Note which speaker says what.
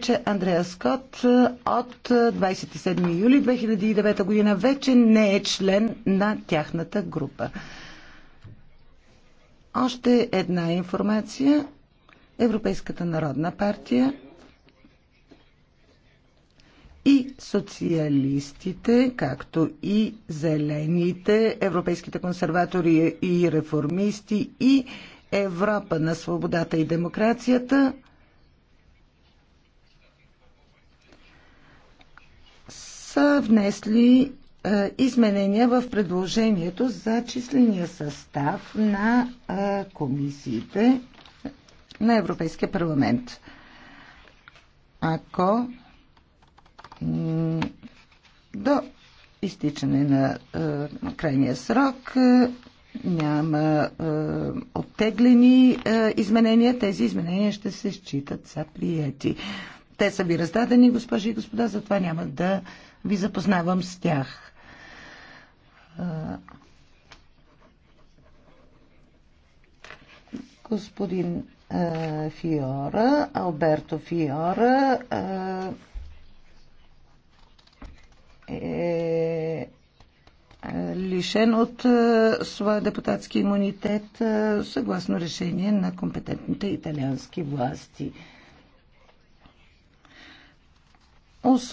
Speaker 1: че Андреа Скот е, от 27 е, юли 2009 година вече не е член на тяхната група. Още една информация. Европейската народна партия и социалистите, както и зелените, европейските консерватори и реформисти и Европа на свободата и демокрацията са внесли е, изменения в предложението за числения състав на е, комисиите на Европейския парламент. Ако до изтичане на е, крайния срок няма оттеглени изменения, тези изменения ще се считат за приети. Те са ви раздадени, госпожи и господа, затова няма да ви запознавам с тях. Господин Фиора, Алберто Фиора е лишен от своя депутатски имунитет съгласно решение на компетентните италиански власти. Освен